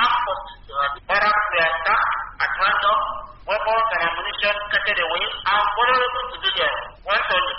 access to barracks were at random, weapons and ammunition scattered away, and vulnerable civilians went on the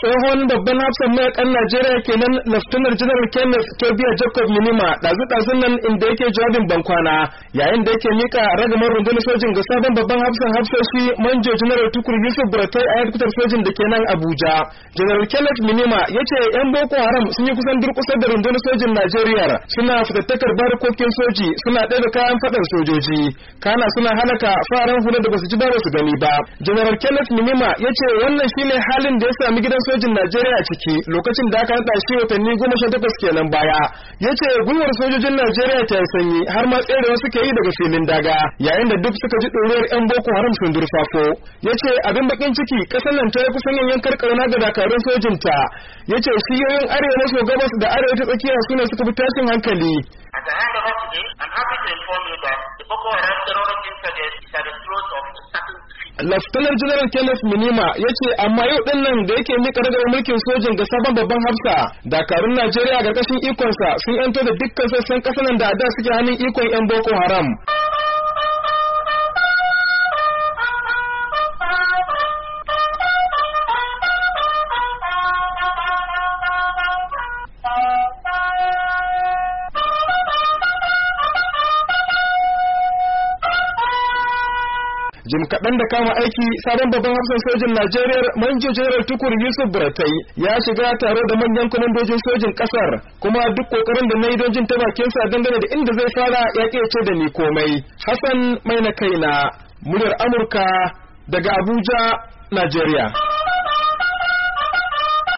tsohon babban hafsan mayakan najeriya kenan laftanar janar kenneth kebiya jacob minima ɗazu-ɗazun nan inda yake jawabin bankwana yayin da yake mika ragamar rundunar sojin ga sabon babban hafsan hafsoshi manjo janar tukur yusuf buratai a yankutar sojin da kenan abuja janar kenneth minima ya ce yan boko haram sun yi kusan durkusa da rundunar sojin najeriya suna fitattakar barikokin soji suna ɗaya da kayan faɗar sojoji kana suna halaka faran hula da basu ji ba su gani ba janar kenneth minima ya ce wannan shine halin da ya sami gidan sojin Najeriya ciki lokacin da aka naɗa shi watanni goma sha takwas kenan baya ya ce gwiwar sojojin Najeriya ta yi sanyi har ma wasu ke yi daga filin daga yayin da duk suka ji ɗorewar 'yan Boko Haram sun durfafo ya ce abin bakin ciki ƙasar nan ta yi kusan yanyan karkarna ga dakarun sojinta ya ce shiyoyin arewa maso gabas da arewa ta tsakiya su ne suka fi tashin hankali. At the end of I'm happy to inform you that the Boko Haram terrorist incident is at the throat of laftanar janar kenneth minima ya ce amma yau din nan da yake mika ragar mulkin sojin ga sabon babban hafsa dakarun najeriya ga ƙarƙashin ikonsa sun yanto da dukkan sassan ƙasar da a da suke hannun ikon 'yan boko haram jim kaɗan da kama aiki sabon babban hafsan sojin najeriya manjo jeneral tukur yusuf buratai ya shiga taro da manyan kwamandojin sojin ƙasar kuma duk ƙoƙarin da na yi don jin ta bakinsa dangane da inda zai fara ya ce da ni komai hassan mai na kaina muryar amurka daga abuja najeriya